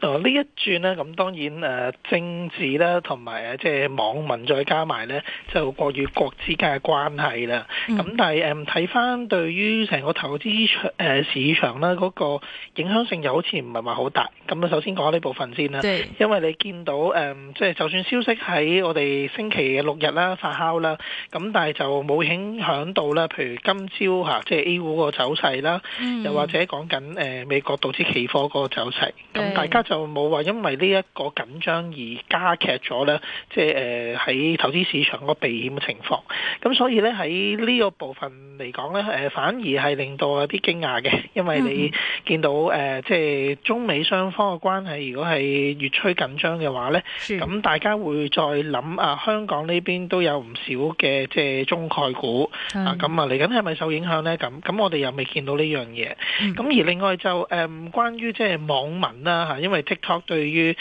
呢一轉呢，咁當然誒政治啦，同埋誒即係網民再加埋呢，就國與國之間嘅關係啦。咁、嗯、但係誒睇翻對於成個投資市場咧嗰、嗰個影響性又好似唔係話好大。咁啊，首先講下呢部分先啦。因為你見到誒即係就算消息喺我哋星期六日啦發酵啦，咁但係就冇影響到咧。譬如今朝嚇，即係 A 股個走勢啦、嗯，又或者講緊誒美國道指期貨個走勢咁，而家就冇話因為呢一個緊張而加劇咗咧，即係誒喺投資市場個避險嘅情況。咁所以咧喺呢個部分嚟講咧，誒反而係令到有啲驚訝嘅，因為你見到誒即係中美雙方嘅關係，如果係越趨緊張嘅話咧，咁大家會再諗啊。香港呢邊都有唔少嘅即係中概股、嗯、啊，咁啊嚟緊係咪受影響咧？咁咁我哋又未見到呢樣嘢。咁、嗯、而另外就誒、呃、關於即係網民啦因為 TikTok 對於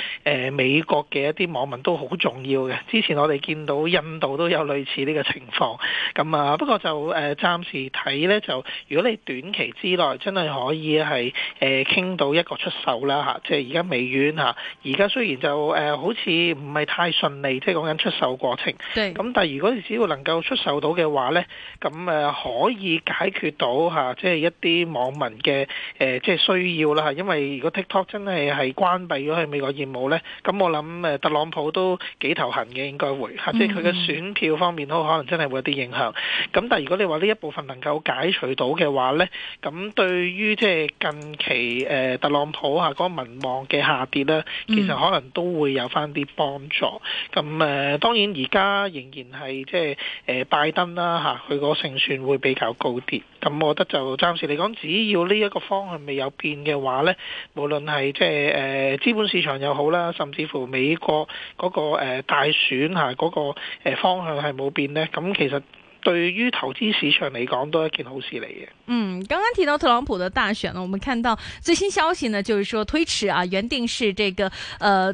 美國嘅一啲網民都好重要嘅。之前我哋見到印度都有類似呢個情況。咁啊，不過就誒暫時睇咧，就如果你短期之內真係可以係誒傾到一個出售啦，即係而家微軟嚇。而家雖然就好似唔係太順利，即係講緊出售過程。咁但係如果你只要能夠出售到嘅話咧，咁可以解決到，即係一啲網民嘅即係需要啦。因為如果 TikTok 真係係關閉咗喺美國業務呢。咁我諗誒特朗普都幾頭痕嘅，應該會嚇，即係佢嘅選票方面都可能真係會有啲影響。咁但係如果你話呢一部分能夠解除到嘅話呢，咁對於即係近期、呃、特朗普嚇嗰個民望嘅下跌呢，mm -hmm. 其實可能都會有翻啲幫助。咁誒當然而家仍然係即係誒拜登啦嚇，佢嗰勝算會比較高啲。咁，我覺得就暫時嚟講，只要呢一個方向未有變嘅話呢，無論係即係誒資本市場又好啦，甚至乎美國嗰、那個誒、呃、大選吓、那、嗰個誒、呃、方向係冇變呢。咁其實對於投資市場嚟講都係一件好事嚟嘅。嗯，剛剛提到特朗普嘅大選呢，我們看到最新消息呢，就是說推遲啊，原定是這個誒、呃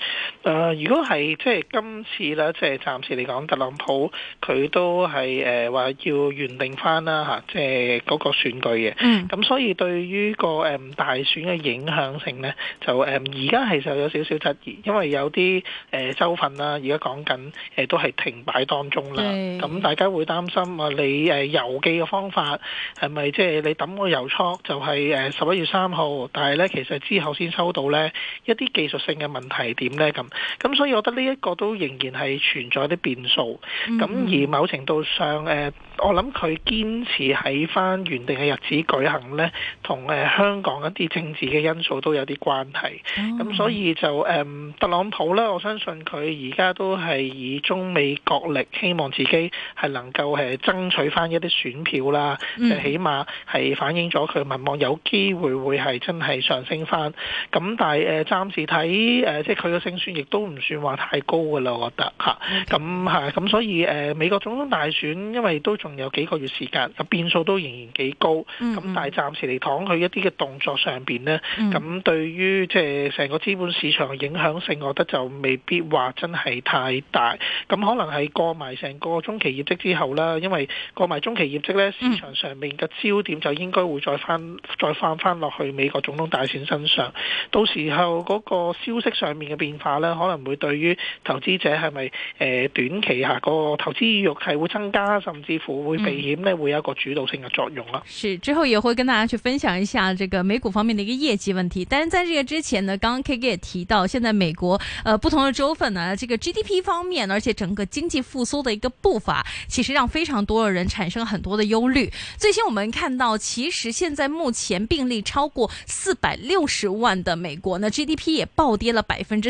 誒、呃，如果係即係今次啦，即係暫時嚟講，特朗普佢都係誒話要原定翻啦吓，即係嗰個選舉嘅。咁、嗯、所以對於個誒大選嘅影響性呢，就誒而家係就有少少質疑，因為有啲誒、呃、州份啦，而家講緊誒都係停擺當中啦。咁、嗯、大家會擔心啊，你誒郵、呃、寄嘅方法係咪即係你抌個郵戳就係誒十一月三號？但係咧，其實之後先收到呢，一啲技術性嘅問題點？咁、嗯，所以，我覺得呢一個都仍然係存在啲變數。咁、嗯、而某程度上，誒，我諗佢堅持喺翻原定嘅日子舉行咧，同誒香港一啲政治嘅因素都有啲關係。咁、嗯、所以就誒，特朗普咧，我相信佢而家都係以中美角力，希望自己係能夠係爭取翻一啲選票啦，誒、嗯，起碼係反映咗佢民望有機會會係真係上升翻。咁但係誒，暫時睇誒，即係佢勝算亦都唔算話太高噶啦，我覺得嚇，咁係咁，所以誒、呃、美國總統大選，因為都仲有幾個月時間，個變數都仍然幾高，咁、嗯、但係暫時嚟講，佢一啲嘅動作上邊呢，咁、嗯、對於即係成個資本市場嘅影響性，我覺得就未必話真係太大，咁可能係過埋成個中期業績之後啦，因為過埋中期業績呢，市場上面嘅焦點就應該會再翻、嗯、再翻翻落去美國總統大選身上，到時候嗰個消息上面嘅。變化啦，可能會對於投資者係咪，誒短期下個投資意欲係會增加，甚至乎會避險呢？會有一個主導性嘅作用啦。是，之後也會跟大家去分享一下這個美股方面嘅一個業績問題。但是在這個之前呢，剛剛 Kiki 也提到，現在美國誒、呃、不同的州份呢，這個 GDP 方面，而且整個經濟復甦嘅一個步伐，其實讓非常多嘅人產生很多嘅憂慮。最新我們看到，其實現在目前病例超過四百六十萬嘅美國呢，呢 GDP 也暴跌了百分之。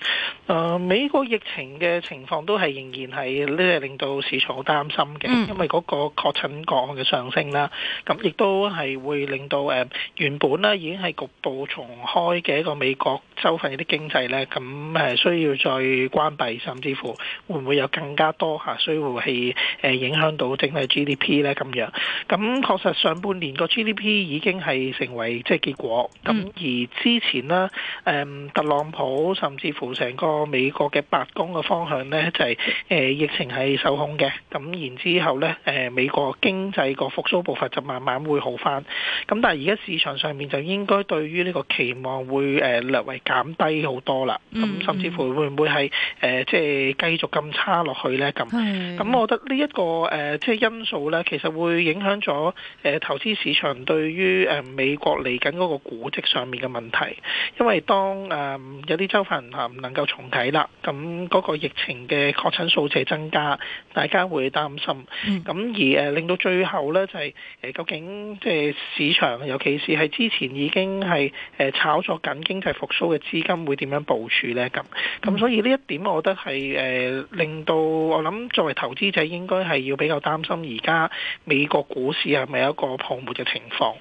誒、嗯，美國疫情嘅情況都係仍然係呢，令到市場好擔心嘅，因為嗰個確診個案嘅上升啦，咁亦都係會令到誒、嗯、原本已經係局部重開嘅一個美國州份嘅啲經濟，咁誒需要再關閉，甚至乎會唔會有更加多吓，需要係誒影響到整體 GDP 呢？咁樣。咁確實上半年個 GDP 已經係成為即係、就是、結果，咁而之前呢，誒、嗯、特朗普甚至乎。成個美國嘅白宮嘅方向咧，就係、是、誒、呃、疫情係受控嘅，咁然之後咧，誒、呃、美國經濟個復甦步伐就慢慢會好翻。咁但係而家市場上面，就應該對於呢個期望會誒、呃、略為減低好多啦。咁甚至乎會唔會係誒即係繼續咁差落去咧？咁咁我覺得呢、這、一個誒即係因素咧，其實會影響咗誒、呃、投資市場對於誒、呃、美國嚟緊嗰個估值上面嘅問題，因為當誒、呃、有啲州份唔、呃能夠重啟啦，咁嗰個疫情嘅確診數字增加，大家會擔心。咁、嗯、而，而令到最後咧，就係、是、究竟即、就是、市場，尤其是係之前已經係炒作緊經濟復甦嘅資金，會點樣部署咧？咁、嗯、咁所以呢一點，我覺得係令到我諗作為投資者，應該係要比較擔心而家美國股市係咪一個泡沫嘅情況？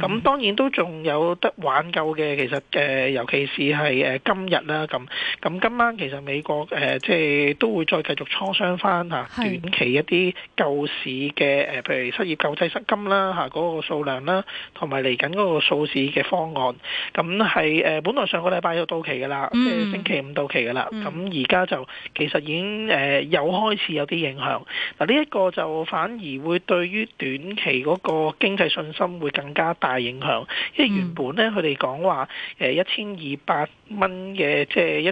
咁、嗯、當然都仲有得挽救嘅，其實、呃、尤其是係今日啦咁。咁今晚其實美國誒即係都會再繼續磋商翻、嚇、短期一啲舊市嘅譬、呃、如失業救濟失金啦嗰、嚇那個數量啦，同埋嚟緊嗰個數字嘅方案。咁係、呃、本來上個禮拜就到期㗎啦、嗯，即係星期五到期㗎啦。咁而家就其實已經誒又、呃、開始有啲影響。嗱，呢一個就反而會對於短期嗰個經濟信心會更加大影響，因為原本咧佢哋講話誒一千二百蚊嘅即係一。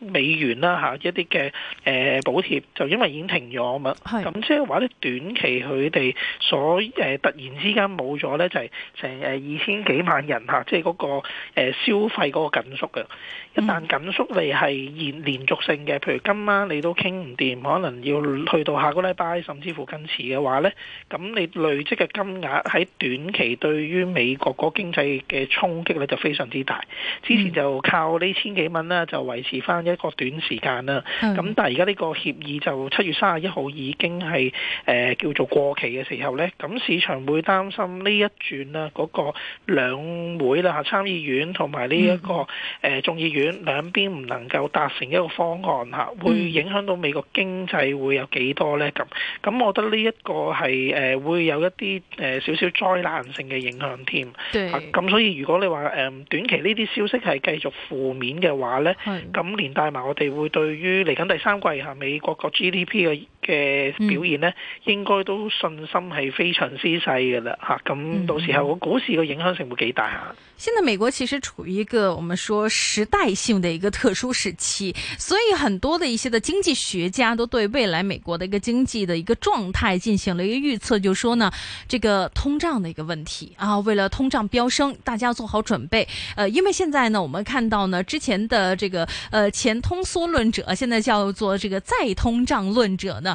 美元啦吓一啲嘅誒補貼就因為已經停咗啊嘛，咁即係話咧，短期佢哋所誒突然之間冇咗咧就係成誒二千幾萬人吓，即係嗰個誒消費嗰個緊縮嘅。一旦緊縮嚟係延連續性嘅，譬如今晚你都傾唔掂，可能要去到下個禮拜甚至乎更遲嘅話咧，咁你累積嘅金額喺短期對於美國個經濟嘅衝擊咧就非常之大。之前就靠呢千幾蚊啦就維持翻。一個短時間啦，咁但係而家呢個協議就七月三十一號已經係誒、呃、叫做過期嘅時候呢。咁市場會擔心呢一轉啦，嗰、嗰個兩會啦，參議院同埋呢一個誒、嗯呃、眾議院兩邊唔能夠達成一個方案嚇，會影響到美國經濟會有幾多呢？咁、嗯、咁，我覺得呢一個係誒、呃、會有一啲誒、呃、少少災難性嘅影響添咁、啊、所以如果你話誒、呃、短期呢啲消息係繼續負面嘅話呢，咁連帶埋我哋會對於嚟緊第三季嚇美國個 GDP 嘅。嘅表現呢應該都信心係非常之細嘅啦吓，咁到時候個股市個影響性會幾大啊？現在美國其實處於一個我們說時代性的一個特殊時期，所以很多的一些的經濟學家都對未來美國的一個經濟的一個狀態進行了一個預測，就說呢，這個通脹的一個問題啊，為了通脹飆升，大家做好準備。呃，因為現在呢，我們看到呢，之前的這個，呃，前通縮論者，現在叫做這個再通脹論者呢。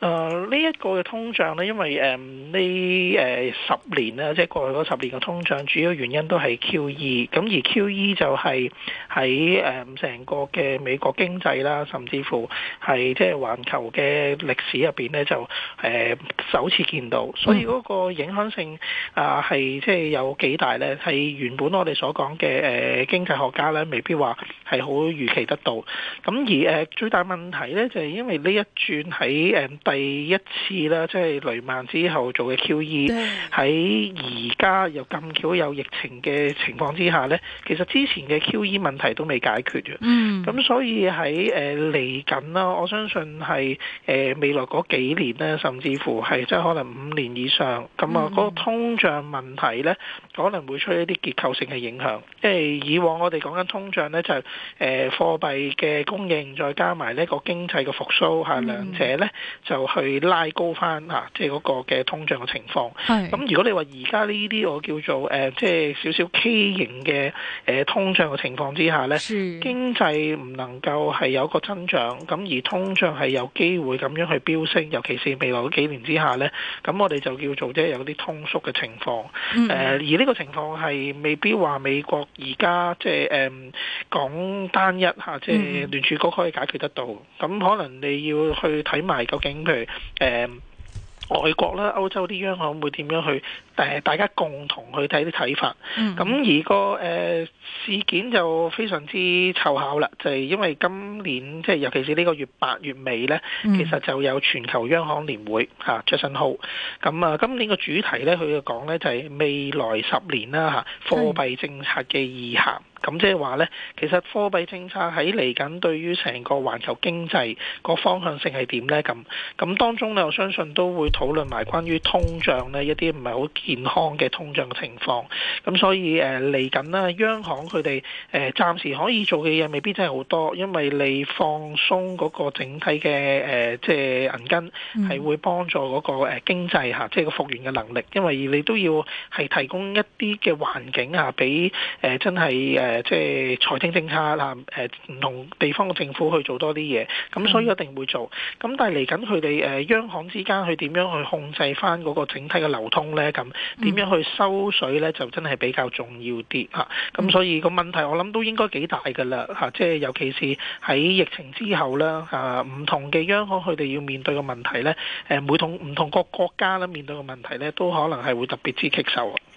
誒、呃這個、呢一個嘅通脹咧，因為誒呢誒十年啦，即係過去嗰十年嘅通脹，主要原因都係 QE。咁而 QE 就係喺誒成個嘅美國經濟啦，甚至乎係即係環球嘅歷史入邊咧，就、呃、首次見到。所以嗰個影響性啊，係、呃、即係有幾大咧？係原本我哋所講嘅誒經濟學家咧，未必話係好預期得到。咁、呃、而誒、呃、最大問題咧，就係、是、因為呢一轉喺第一次啦，即係雷曼之後做嘅 QE，喺而家又咁巧有疫情嘅情況之下呢，其實之前嘅 QE 問題都未解決嘅，嗯，咁所以喺誒嚟緊啦，我相信係誒，呃，未來嗰幾年呢，甚至乎係即係可能五年以上，咁啊嗰個通脹問題呢，可能會出一啲結構性嘅影響，即係以往我哋講緊通脹咧，就係誒貨幣嘅供應，再加埋呢個經濟嘅復甦嚇、嗯，兩者咧就去拉高翻嚇，即係嗰個嘅通脹嘅情況。咁如果你話而家呢啲我叫做誒，即係少少畸形嘅誒通脹嘅情況之下咧，經濟唔能夠係有個增長，咁而通脹係有機會咁樣去飆升，尤其是未來嗰幾年之下咧，咁我哋就叫做即係有啲通縮嘅情況誒、嗯，而呢、這個，個情況係未必話美國而家即係誒講單一吓，即係聯儲局可以解決得到。咁可能你要去睇埋究竟，譬如誒外國啦、歐洲啲央行會點樣去？大家共同去睇啲睇法。咁、嗯、而、那個誒、呃、事件就非常之湊巧啦，就係、是、因為今年即係尤其是呢個月八月尾呢、嗯，其實就有全球央行年會嚇 Jackson Hole。咁啊，今年個主題呢，佢就講呢，就係未來十年啦嚇貨幣政策嘅意涵。咁即係話呢，其實貨幣政策喺嚟緊對於成個環球經濟個方向性係點呢？咁咁當中呢，我相信都會討論埋關於通脹呢一啲唔係好健康嘅通脹嘅情況，咁所以誒嚟緊啦，央行佢哋誒暫時可以做嘅嘢未必真係好多，因為你放鬆嗰個整體嘅即係銀根係會幫助嗰個經濟嚇，即係個復原嘅能力，因為你都要係提供一啲嘅環境嚇俾誒真係即係財政政策嚇啊啊、唔同地方嘅政府去做多啲嘢，咁所以一定會做，咁、嗯、但係嚟緊佢哋央行之間去點樣去控制翻嗰個整體嘅流通咧咁？啊點、嗯、樣去收水呢？就真係比較重要啲嚇。咁、啊、所以個問題，我諗都應該幾大噶啦嚇。即、啊、係、就是、尤其是喺疫情之後咧嚇，唔、啊、同嘅央行佢哋要面對嘅問題呢，誒、啊、每同唔同個國家咧面對嘅問題呢，都可能係會特別之棘手。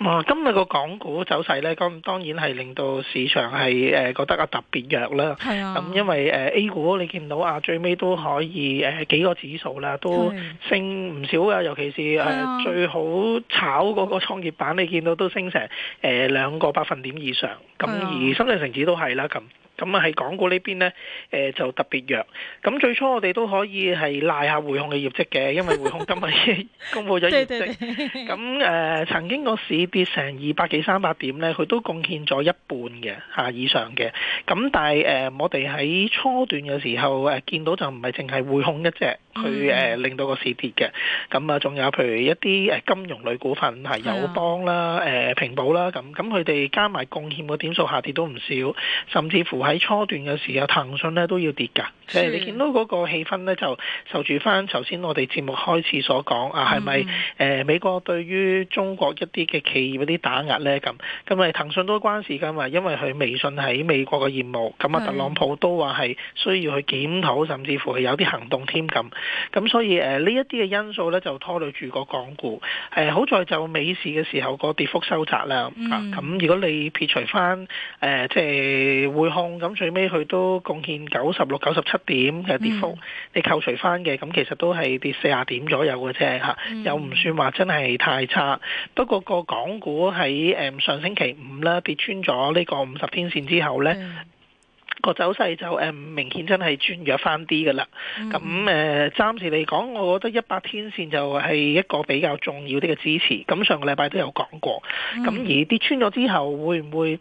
哇！今日個港股走勢咧，咁當然係令到市場係誒覺得啊特別弱啦。係啊，咁因為誒 A 股你見到啊最尾都可以誒幾個指數啦都升唔少噶，尤其是誒最好炒嗰個創業板，你見到都升成誒兩個百分點以上。咁而深圳成指都係啦，咁咁啊喺港股呢邊咧誒就特別弱。咁最初我哋都可以係賴下匯控嘅業績嘅，因為匯控今日已經公布咗業績。咁誒曾經個市。跌成二百幾三百點咧，佢都貢獻咗一半嘅嚇、啊、以上嘅。咁但係誒、呃，我哋喺初段嘅時候誒、啊、見到就唔係淨係匯控一隻，佢誒、啊、令到個市跌嘅。咁啊，仲有譬如一啲誒金融類股份係友邦啦、誒、呃、平保啦咁。咁佢哋加埋貢獻嘅點數下跌都唔少，甚至乎喺初段嘅時候，騰訊咧都要跌㗎。即係你見到嗰個氣氛咧，就受住翻頭先我哋節目開始所講啊，係咪誒美國對於中國一啲嘅企業？嗰啲打壓咧咁，咁咪騰訊都關事㗎嘛，因為佢微信喺美國嘅業務，咁啊特朗普都話係需要去檢討，甚至乎係有啲行動添咁，咁所以誒呢一啲嘅因素咧就拖累住個港股。誒好在就美市嘅時候個跌幅收窄啦，咁、嗯、如果你撇除翻誒即係匯控，咁最尾佢都貢獻九十六、九十七點嘅跌幅，嗯，你扣除翻嘅，咁其實都係跌四啊點左右嘅啫吓，又唔算話真係太差。不過個港港股喺誒上星期五啦，跌穿咗呢個五十天線之後咧，個、嗯、走勢就誒明顯真係轉弱翻啲噶啦。咁誒暫時嚟講，我覺得一百天線就係一個比較重要啲嘅支持。咁上個禮拜都有講過。咁、嗯、而跌穿咗之後，會唔會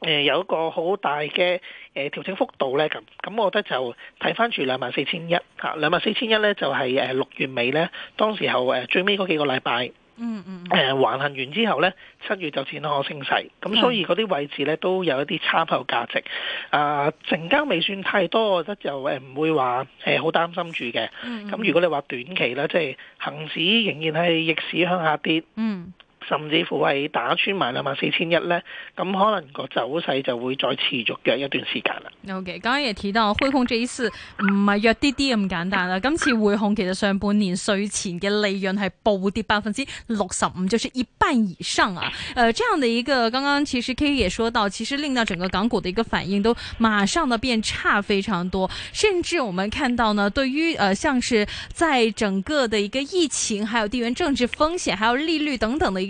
誒有一個好大嘅誒調整幅度咧？咁咁，我覺得就睇翻住兩萬四千一嚇，兩萬四千一咧就係誒六月尾咧，當時候誒最尾嗰幾個禮拜。嗯嗯、呃，誒橫行完之後咧，七月就展開升勢，咁所以嗰啲位置咧都有一啲參考價值。啊成交未算太多，我覺得就誒唔會話誒好擔心住嘅，咁、嗯嗯、如果你話短期咧，即係恆指仍然係逆市向下跌，嗯。甚至乎係打穿埋兩萬四千一咧，咁可能個走勢就會再持續弱一段時間啦。OK，剛剛也提到匯控這一次唔係弱啲啲咁簡單啦，今次匯控其實上半年稅前嘅利潤係暴跌百分之六十五，就是一半以上啊。呃，這樣的一個，剛剛其實 K 也說到，其實令到整個港股的一個反應都馬上的變差非常多，甚至我們看到呢，對於呃像是在整個的一個疫情，還有地緣政治風險，還有利率等等的一。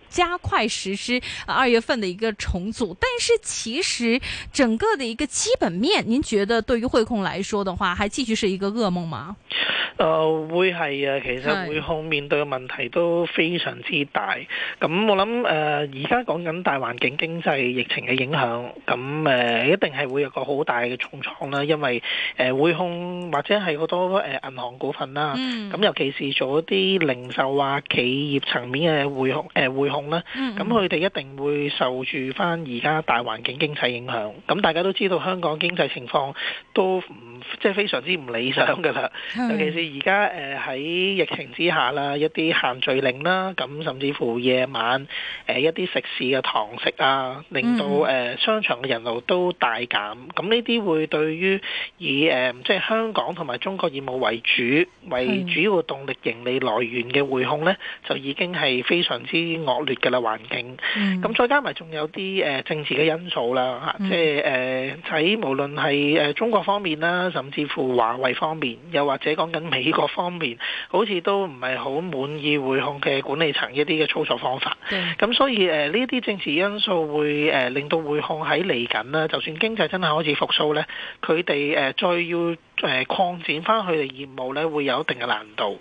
加快實施二月份的一個重組，但是其實整個的一個基本面，您覺得對於匯控來說的話，還繼續是一個噩夢嗎？呃、會係啊，其實匯控面對嘅問題都非常之大。咁、哎嗯、我諗誒，而家講緊大環境經濟疫情嘅影響，咁、呃、誒一定係會有個好大嘅重創啦。因為誒、呃、匯控或者係好多誒、呃、銀行股份啦，咁、嗯、尤其是做一啲零售啊企業層面嘅匯控誒匯控。呃匯控咁佢哋一定會受住翻而家大環境經濟影響。咁大家都知道香港經濟情況都唔。即係非常之唔理想嘅啦，尤其是而家誒喺疫情之下啦，一啲限聚令啦，咁甚至乎夜晚誒一啲食肆嘅堂食啊，令到誒商場嘅人流都大減，咁呢啲會對於以誒即係香港同埋中國業務為主為主要動力盈利來源嘅匯控咧，就已經係非常之惡劣嘅啦環境。咁再加埋仲有啲誒政治嘅因素啦，吓，即係誒喺無論係誒中國方面啦。甚至乎華為方面，又或者講緊美國方面，好似都唔係好滿意匯控嘅管理層一啲嘅操作方法。咁所以誒，呢、呃、啲政治因素會誒、呃、令到匯控喺嚟緊啦。就算經濟真係開始復甦呢，佢哋誒再要。誒擴展翻佢哋業務咧，會有一定嘅難度。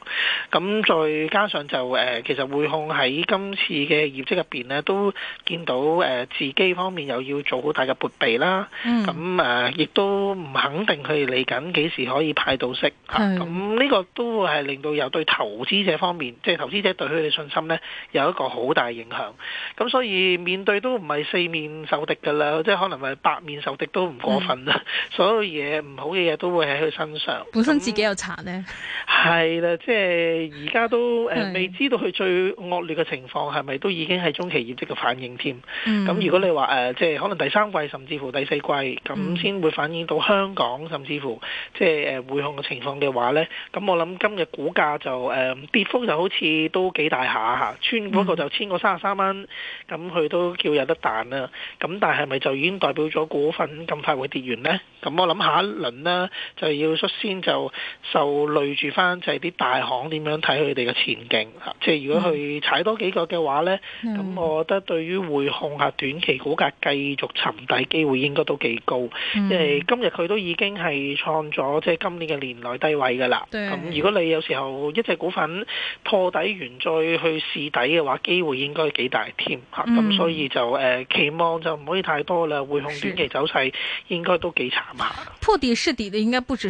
咁再加上就誒，其實匯控喺今次嘅業績入邊咧，都見到誒自己方面又要做好大嘅撥備啦。咁、嗯、誒，亦都唔肯定佢哋嚟緊幾時可以派到息。咁呢、這個都會係令到有對投資者方面，即係投資者對佢哋信心咧，有一個好大影響。咁所以面對都唔係四面受敵㗎啦，即係可能係八面受敵都唔過分啦、嗯。所有嘢唔好嘅嘢都會係身上本身自己有查呢，係啦，即係而家都、呃、未知道佢最惡劣嘅情況係咪都已經係中期業績嘅反應添。咁、嗯、如果你話、呃、即係可能第三季甚至乎第四季咁先會反映到香港、嗯、甚至乎即係誒匯控嘅情況嘅話呢，咁我諗今日股價就、呃、跌幅就好似都幾大下吓穿嗰過個就千個三十三蚊，咁佢都叫有得彈啦、啊。咁但係咪就已經代表咗股份咁快會跌完呢？咁我諗下一輪呢。就。要率先就受累住翻，就係啲大行點樣睇佢哋嘅前景？嗯、即係如果去踩多幾個嘅話咧，咁、嗯、我覺得對於匯控下短期股價繼續沉底機會應該都幾高，因、嗯、為、就係、今日佢都已經係創咗即係今年嘅年內低位噶啦。咁如果你有時候一隻股份破底完再去試底嘅話，機會應該幾大添嚇。咁、嗯、所以就誒期、呃、望就唔可以太多啦。匯控短期走勢應該都幾慘下。破底試底嘅應該不止。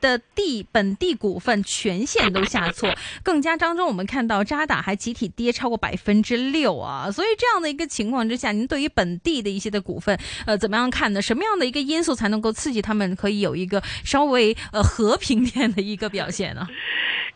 的地本地股份全線都下挫，更加當中我們看到渣打還集體跌超過百分之六啊！所以這樣的一個情況之下，您對於本地的一些的股份，呃，怎麼樣看呢？什麼樣的一個因素才能夠刺激他們可以有一個稍微，呃，和平點的一個表現呢？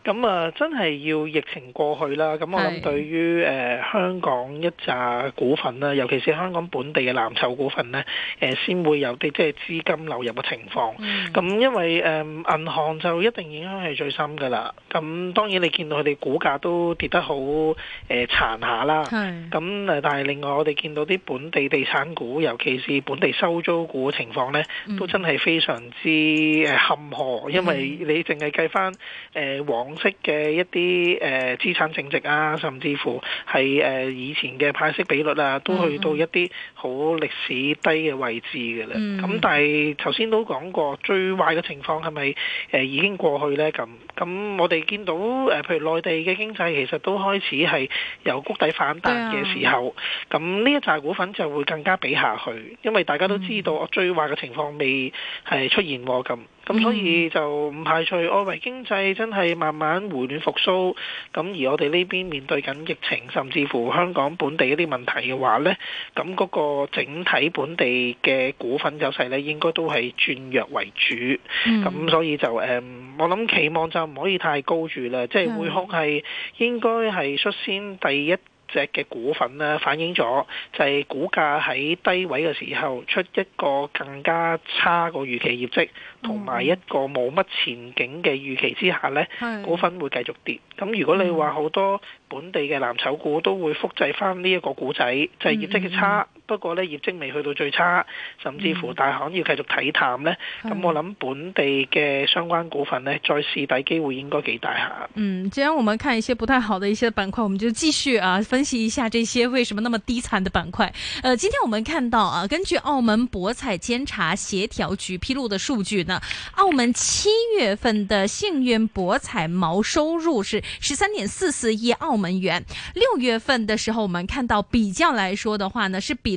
咁、嗯、啊，真係要疫情過去啦。咁我諗對於誒香港一扎股份啦，尤其是香港本地嘅藍籌股份呢，誒，先會有啲即係資金流入嘅情況。咁因為誒。銀行就一定影響係最深㗎啦，咁當然你見到佢哋股價都跌得好誒、呃、殘下啦，咁但係另外我哋見到啲本地地產股，尤其是本地收租股情況呢，都真係非常之誒坎坷，因為你淨係計返誒、呃、黃色嘅一啲誒、呃、資產淨值啊，甚至乎係誒、呃、以前嘅派息比率啊，都去到一啲好歷史低嘅位置㗎啦。咁、嗯、但係頭先都講過，最壞嘅情況係咪？誒已經過去呢，咁咁我哋見到誒，譬如內地嘅經濟其實都開始係由谷底反彈嘅時候，咁呢一扎股份就會更加比下去，因為大家都知道，我最壞嘅情況未係出現喎咁。咁、嗯、所以就唔排除外圍經濟真係慢慢回暖復蘇，咁而我哋呢邊面對緊疫情，甚至乎香港本地一啲問題嘅話咧，咁、那、嗰個整體本地嘅股份走勢咧，應該都係轉弱為主。咁、嗯、所以就誒、嗯、我諗期望就唔可以太高住啦，即係匯控係應該係率先第一。隻嘅股份呢，反映咗就係股價喺低位嘅時候，出一個更加差個預期業績，同埋一個冇乜前景嘅預期之下呢，oh. 股份會繼續跌。咁如果你話好多本地嘅藍籌股都會複製翻呢一個股仔，就係、是、業績嘅差。Oh. 嗯不過咧，業績未去到最差，甚至乎大行要繼續睇淡呢。咁我諗本地嘅相關股份呢，再試底機會應該幾大下。嗯，既然我們看一些不太好的一些板塊，我們就繼續啊分析一下這些為什麼那麼低殘的板塊。呃，今天我們看到啊，根據澳門博彩監察協調局披露的數據呢，澳門七月份的幸運博彩毛收入是十三點四四億澳門元。六月份的時候，我們看到比較來說的話呢，是比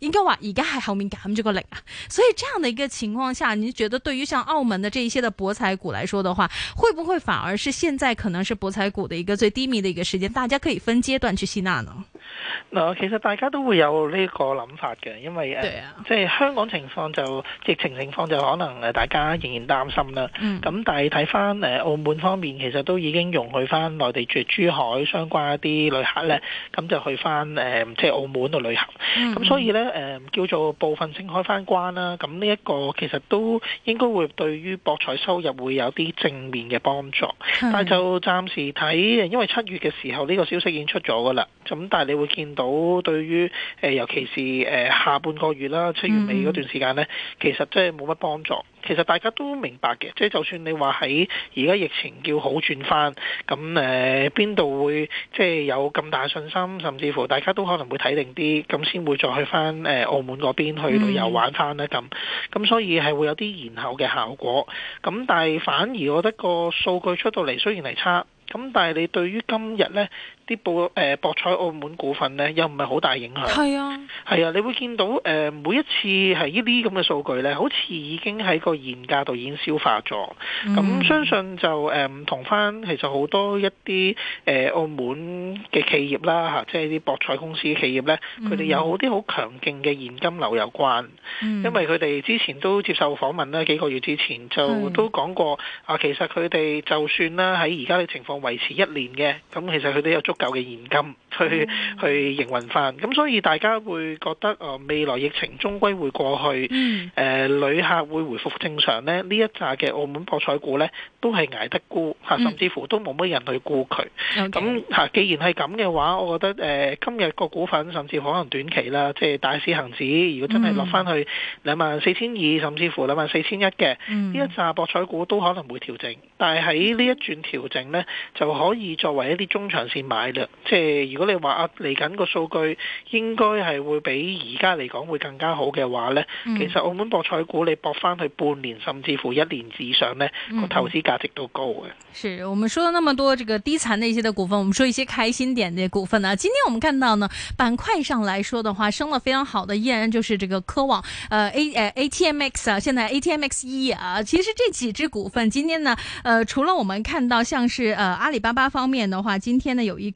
應該話而家係後面減咗個力啊，所以這樣的一個情況下，你覺得對於像澳門的這一些的博彩股來說的話，會不會反而是現在可能是博彩股的一個最低迷的一個時間？大家可以分階段去吸納呢？嗱，其實大家都會有呢個諗法嘅，因為對啊，即、呃、係、就是、香港情況就疫情情況就可能誒大家仍然擔心啦。咁、嗯、但係睇翻誒澳門方面，其實都已經容許翻內地住珠海相關一啲旅客咧，咁就去翻誒即係澳門度旅行。咁、嗯嗯、所以咧。誒、嗯、叫做部分性開翻關啦，啊，咁呢一個其實都應該會對於博彩收入會有啲正面嘅幫助，但係就暫時睇，因為七月嘅時候呢個消息已經出咗噶啦，咁但係你會見到對於、呃、尤其是、呃、下半個月啦，七月尾嗰段時間呢，嗯、其實真係冇乜幫助。其實大家都明白嘅，即係就算你話喺而家疫情叫好轉翻，咁誒邊度會即係有咁大信心，甚至乎大家都可能會睇定啲，咁先會再去翻誒澳門嗰邊去旅遊玩翻呢。咁、嗯，咁所以係會有啲延後嘅效果。咁但係反而我覺得個數據出到嚟雖然係差，咁但係你對於今日呢，啲博博彩澳門股份咧又唔係好大影響。係啊係啊，你會見到誒每一次係呢啲咁嘅數據咧，好似已經喺個現價度已經消化咗。咁、嗯、相信就誒同翻其實好多一啲誒澳門嘅企業啦吓，即係啲博彩公司企業咧，佢哋有好啲好強勁嘅現金流有關，嗯、因為佢哋之前都接受訪問啦，幾個月之前就都講過，啊，其實佢哋就算啦喺而家嘅情況維持一年嘅，咁其實佢哋有足。夠嘅現金去、mm -hmm. 去營運翻，咁所以大家會覺得、呃、未來疫情終歸會過去，誒、mm -hmm. 呃、旅客會回復正常咧。呢一紮嘅澳門博彩股咧，都係捱得沽，甚至乎都冇乜人去沽佢。咁、mm -hmm. 嗯、既然係咁嘅話，我覺得、呃、今日個股份甚至可能短期啦，即係大市恆指如果真係落翻去兩萬四千二，甚至乎兩萬四千一嘅呢一紮博彩股都可能會調整。但係喺呢一轉調整咧，就可以作為一啲中長線買。係啦，即係如果你話啊，嚟緊個數據應該係會比而家嚟講會更加好嘅話呢、嗯。其實澳門博彩股你搏翻去半年甚至乎一年以上呢，個、嗯、投資價值都高嘅。是我們說了那麼多這個低殘的一些的股份，我們說一些開心點的股份啊。今天我們看到呢板塊上來說的話，升得非常好的依然就是這個科網，呃 A、呃、ATMX 啊，現在 ATMX 一啊，其實這幾隻股份今天呢，呃，除了我們看到像是呃阿里巴巴方面的話，今天呢有一個。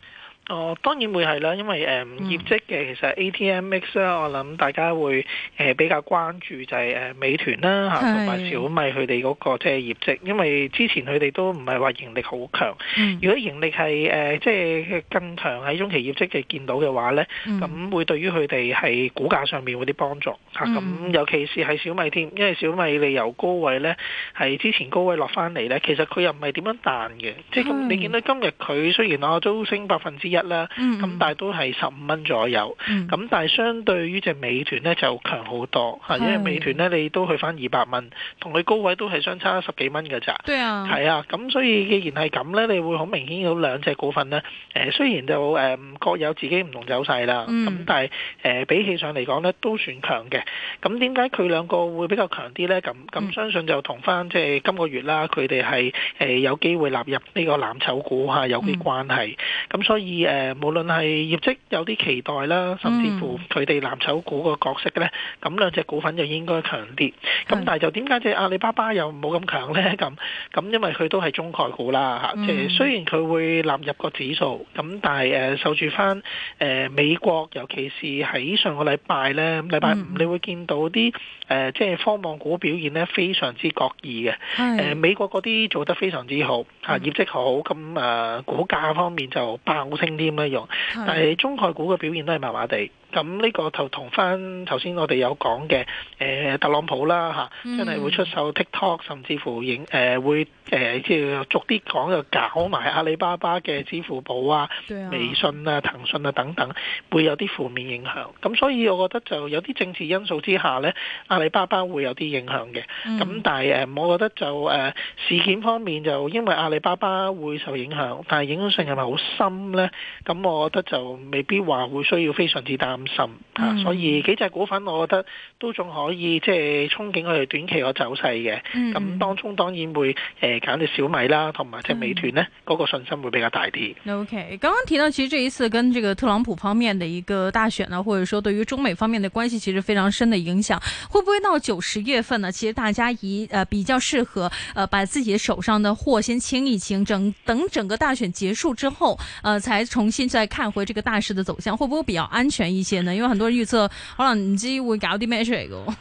哦，當然會係啦，因為誒、嗯嗯、業績嘅其實 ATMX 咧，我諗大家會誒、呃、比較關注就係誒美團啦嚇，同埋小米佢哋嗰個即係業績，因為之前佢哋都唔係話盈利好強。如果盈利係誒即係更強喺中期業績嘅見到嘅話咧，咁、嗯、會對於佢哋係股價上面會啲幫助嚇。咁、嗯啊、尤其是係小米添，因為小米你由高位咧係之前高位落翻嚟咧，其實佢又唔係點樣彈嘅，即係你見到今日佢雖然我、啊、都升百分之。一、嗯、啦，咁、嗯、但係都係十五蚊左右，咁、嗯、但係相對於隻美團咧就強好多，吓，因為美團咧你都去翻二百蚊，同佢高位都係相差十幾蚊，㗎咋，係啊，咁、啊、所以既然係咁咧，你會好明顯有兩隻股份咧，誒、呃、雖然就誒、呃、各有自己唔同走勢啦，咁、嗯、但係誒、呃、比起上嚟講咧都算強嘅，咁點解佢兩個會比較強啲咧？咁咁、嗯、相信就同翻即係今個月啦，佢哋係誒有機會納入呢個藍籌股吓有啲關係，咁、嗯、所以。誒，無論係業績有啲期待啦，甚至乎佢哋藍籌股個角色咧，咁、嗯、兩隻股份就應該強啲。咁但係就點解即係阿里巴巴又冇咁強咧？咁咁因為佢都係中概股啦，吓、嗯，即係雖然佢會納入個指數，咁但係誒受住翻誒美國，尤其是喺上個禮拜咧，禮拜五你會見到啲誒即係科網股表現咧非常之各異嘅。誒、啊，美國嗰啲做得非常之好，吓、嗯、業績好，咁誒、啊、股價方面就爆升。啲咁樣用，但係中概股嘅表現都係麻麻哋。咁呢個就同翻頭先我哋有講嘅、呃，特朗普啦、嗯、真係會出售 TikTok，甚至乎影誒、呃、會即、呃、逐啲講就搞埋阿里巴巴嘅支付寶啊，啊、微信啊、騰訊啊等等，會有啲負面影響。咁所以我覺得就有啲政治因素之下咧，阿里巴巴會有啲影響嘅。咁、嗯、但係我覺得就、呃、事件方面就因為阿里巴巴會受影響，但係影響性係咪好深咧？咁我覺得就未必話會需要非常之擔心、嗯、啊，所以幾隻股份我覺得都仲可以，即、就、係、是、憧憬佢哋短期個走勢嘅。咁、嗯、當中當然會誒揀啲小米啦，同埋即係美團呢，嗰、嗯那個信心會比較大啲。O.K.，剛剛提到其實這一次跟這個特朗普方面的一個大選呢，或者說對於中美方面的關係，其實非常深的影響。會不會到九十月份呢？其實大家以誒、呃、比較適合誒、呃、把自己手上的貨先清一清，整等整個大選結束之後，誒、呃、才重新再看回這個大市的走向，會不會比較安全一些？因為很多人預測，可能唔知會搞啲咩出嚟嘅。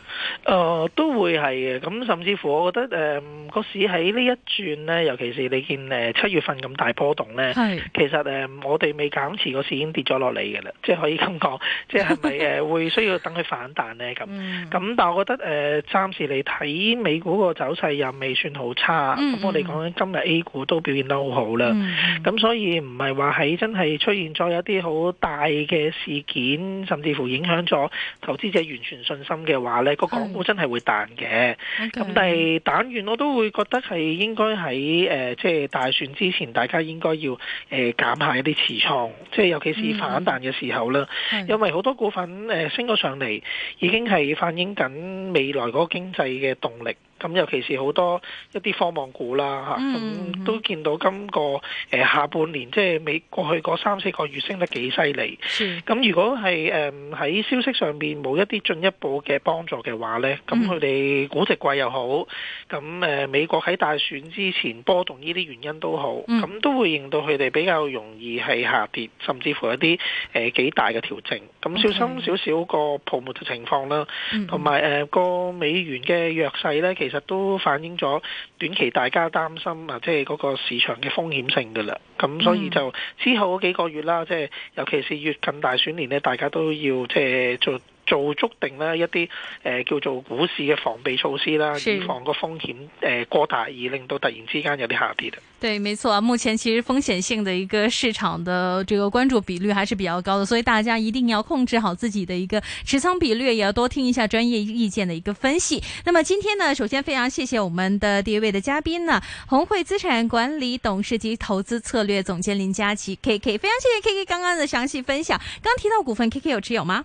誒、哦，都會係嘅，咁甚至乎我覺得誒、個、呃、市喺呢一轉咧，尤其是你見誒七月份咁大波動咧，係其實誒、呃、我哋未減持個市已經跌咗落嚟嘅啦。即係可以咁講，即係係咪誒會需要等佢反彈咧？咁咁、嗯、但係我覺得誒、呃，暫時嚟睇美股個走勢又未算好差，咁、嗯嗯、我哋講今日 A 股都表現得好好啦，咁、嗯嗯、所以唔係話喺真係出現咗一啲好大嘅事件，甚至乎影響咗投資者完全信心嘅話咧，嗰個。港股真係會彈嘅，咁、okay. 但係彈完我都會覺得係應該喺誒即係大選之前，大家應該要誒減下一啲持倉，即係尤其是反彈嘅時候啦。Mm-hmm. 因為好多股份誒升咗上嚟，已經係反映緊未來嗰個經濟嘅動力。咁尤其是好多一啲科網股啦吓，咁、嗯、都見到今個、呃、下半年即係、就是、美過去嗰三四個月升得幾犀利。咁如果係誒喺消息上面冇一啲進一步嘅幫助嘅話咧，咁佢哋估值貴又好，咁、嗯、誒美國喺大選之前波動呢啲原因都好，咁、嗯、都會令到佢哋比較容易係下跌，甚至乎一啲誒幾大嘅調整。咁小心少少個泡沫嘅情況啦，同埋誒個美元嘅弱勢咧，其實都反映咗短期大家擔心啊，即係嗰個市場嘅風險性噶啦。咁所以就之後嗰幾個月啦，即係尤其是越近大選年呢，大家都要即係做。做足定咧一啲誒、呃，叫做股市嘅防備措施啦，預防個風險誒、呃、過大，而令到突然之間有啲下跌啊。對，沒錯啊。目前其實風險性的一個市場的這個關注比率還是比較高嘅，所以大家一定要控制好自己的一個持倉比率，也要多聽一下專業意見嘅一個分析。那麼今天呢，首先非常謝謝我們的第一位的嘉賓呢、啊，紅匯資產管理董事及投資策略總監林嘉麒 K K。非常謝謝 K K 剛,剛剛的詳細分享。剛,剛提到股份，K K 有持有嗎？